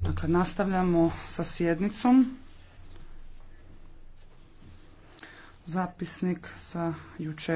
Dakle, nastavljamo sa sjednicom. Zapisnik sa jučer.